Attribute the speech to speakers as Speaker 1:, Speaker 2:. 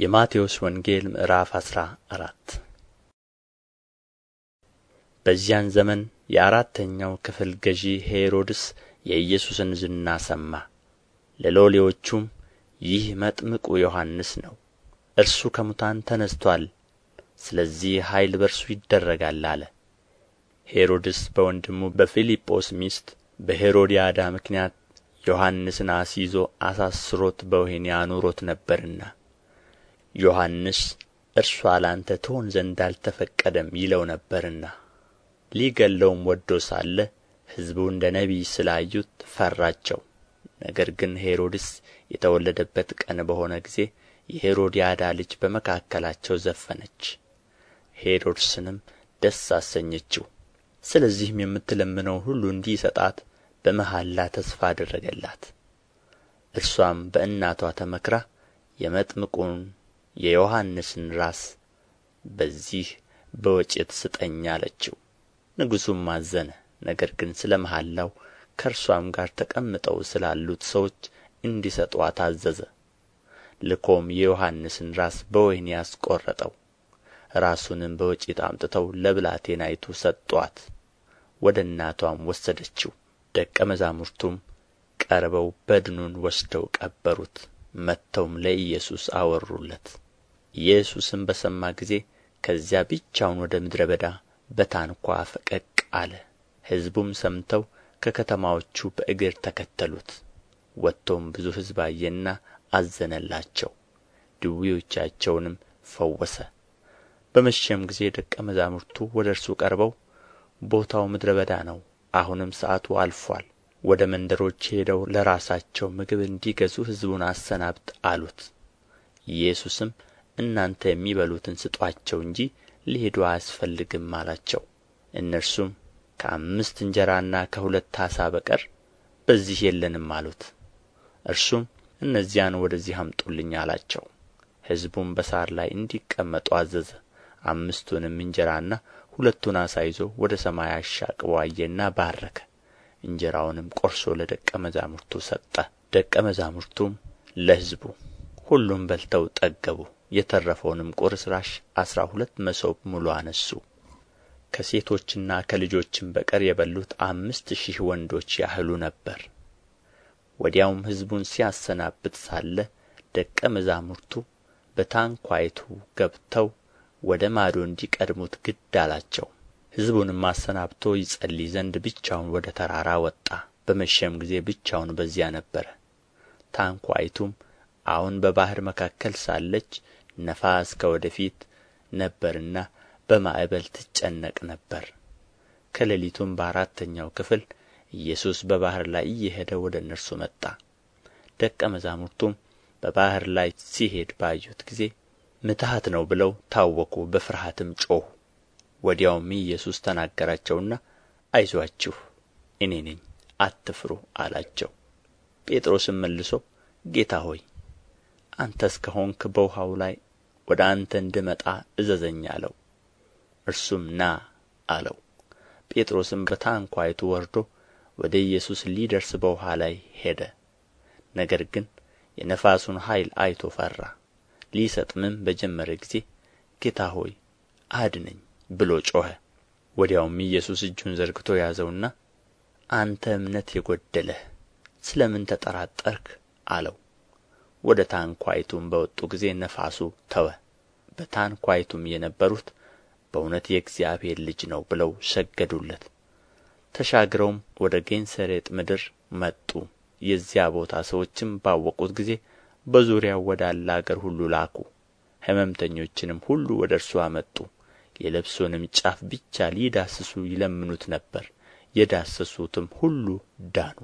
Speaker 1: የማቴዎስ ወንጌል ምዕራፍ አስራ አራት በዚያን ዘመን የአራተኛው ክፍል ገዢ ሄሮድስ የኢየሱስን ዝና ሰማ ለሎሌዎቹም ይህ መጥምቁ ዮሐንስ ነው እርሱ ከሙታን ተነስቶአል ስለዚህ ኃይል በርሱ ይደረጋል አለ ሄሮድስ በወንድሙ በፊልጶስ ሚስት በሄሮድያዳ ምክንያት ዮሐንስን አስይዞ አሳስሮት በወህኒ አኑሮት ነበርና ዮሐንስ እርስዋ ለአንተ ትሆን ዘንድ አልተፈቀደም ይለው ነበርና ሊገድለውም ወዶ ሳለ ሕዝቡ እንደ ነቢይ ስላዩት ፈራቸው ነገር ግን ሄሮድስ የተወለደበት ቀን በሆነ ጊዜ የሄሮድያዳ ልጅ በመካከላቸው ዘፈነች ሄሮድስንም ደስ አሰኘችው ስለዚህም የምትለምነውን ሁሉ እንዲሰጣት በመሐላ ተስፋ አደረገላት እርሷም በእናቷ ተመክራ የመጥምቁን የዮሐንስን ራስ በዚህ በወጭት ስጠኝ አለችው ንጉሡም አዘነ ነገር ግን ስለ መሐላው ከእርሷም ጋር ተቀምጠው ስላሉት ሰዎች እንዲሰጡአት አዘዘ ልኮም የዮሐንስን ራስ በወህኒ አስቆረጠው ራሱንም በወጭት አምጥተው ለብላቴናይቱ ሰጧት ወደ እናቷም ወሰደችው ደቀ መዛሙርቱም ቀርበው በድኑን ወስደው ቀበሩት መጥተውም ለኢየሱስ አወሩለት ኢየሱስም በሰማ ጊዜ ከዚያ ብቻውን ወደ ምድረ በዳ በታንኳ ፈቀቅ አለ ሕዝቡም ሰምተው ከከተማዎቹ በእግር ተከተሉት ወጥቶም ብዙ ሕዝብ አየና አዘነላቸው ድውዮቻቸውንም ፈወሰ በመሸም ጊዜ ደቀ መዛሙርቱ ወደ እርሱ ቀርበው ቦታው ምድረ በዳ ነው አሁንም ሰዓቱ አልፎአል ወደ መንደሮች ሄደው ለራሳቸው ምግብ እንዲገዙ ሕዝቡን አሰናብት አሉት ኢየሱስም እናንተ የሚበሉትን ስጧቸው እንጂ ሊሄዱ አያስፈልግም አላቸው እነርሱም ከአምስት እንጀራና ከሁለት ዓሣ በቀር በዚህ የለንም አሉት እርሱም እነዚያን ወደዚህ አምጡልኝ አላቸው ሕዝቡም በሣር ላይ እንዲቀመጡ አዘዘ አምስቱንም እንጀራና ሁለቱን ዓሣ ይዞ ወደ ሰማይ አሻቅቦ አየና ባረከ እንጀራውንም ቈርሶ ለደቀ መዛሙርቱ ሰጠ ደቀ መዛሙርቱም ለሕዝቡ ሁሉም በልተው ጠገቡ የተረፈውንም ቁርስራሽ አሥራ ሁለት መሶብ ሙሉ አነሡ ከሴቶችና ከልጆችም በቀር የበሉት አምስት ሺህ ወንዶች ያህሉ ነበር ወዲያውም ሕዝቡን ሲያሰናብት ሳለ ደቀ መዛሙርቱ በታንኳይቱ ገብተው ወደ ማዶ እንዲቀድሙት ግድ አላቸው ሕዝቡንም አሰናብቶ ይጸልይ ዘንድ ብቻውን ወደ ተራራ ወጣ በመሸም ጊዜ ብቻውን በዚያ ነበረ ታንኳይቱም አሁን በባሕር መካከል ሳለች ነፋስ ከወደ ፊት ነበርና በማዕበል ትጨነቅ ነበር ከሌሊቱም በአራተኛው ክፍል ኢየሱስ በባሕር ላይ እየሄደ ወደ እነርሱ መጣ ደቀ መዛሙርቱም በባሕር ላይ ሲሄድ ባዩት ጊዜ ምትሐት ነው ብለው ታወኩ በፍርሃትም ጮኹ ወዲያውም ኢየሱስ ተናገራቸውና አይዞአችሁ እኔ ነኝ አትፍሩ አላቸው ጴጥሮስም መልሶ ጌታ ሆይ አንተስ ከሆንህ በውኃው ላይ ወደ አንተ እንድመጣ እዘዘኝ አለው እርሱም ና አለው ጴጥሮስም በታንኳይቱ ወርዶ ወደ ኢየሱስ ሊደርስ በውኃ ላይ ሄደ ነገር ግን የነፋሱን ኃይል አይቶ ፈራ ሊሰጥምም በጀመረ ጊዜ ጌታ ሆይ አድነኝ ብሎ ጮኸ ወዲያውም ኢየሱስ እጁን ዘርግቶ ያዘውና አንተ እምነት የጎደለህ ስለ ምን ተጠራጠርክ? አለው ወደ ታንኳይቱም በወጡ ጊዜ ነፋሱ ተወ በታንኳይቱም የነበሩት በእውነት የእግዚአብሔር ልጅ ነው ብለው ሰገዱለት ተሻግረውም ወደ ጌንሰሬጥ ምድር መጡ የዚያ ቦታ ሰዎችም ባወቁት ጊዜ በዙሪያው ወዳለ አገር ሁሉ ላኩ ሕመምተኞችንም ሁሉ ወደ እርሱ አመጡ የልብሱንም ጫፍ ብቻ ሊዳስሱ ይለምኑት ነበር የዳሰሱትም ሁሉ ዳኑ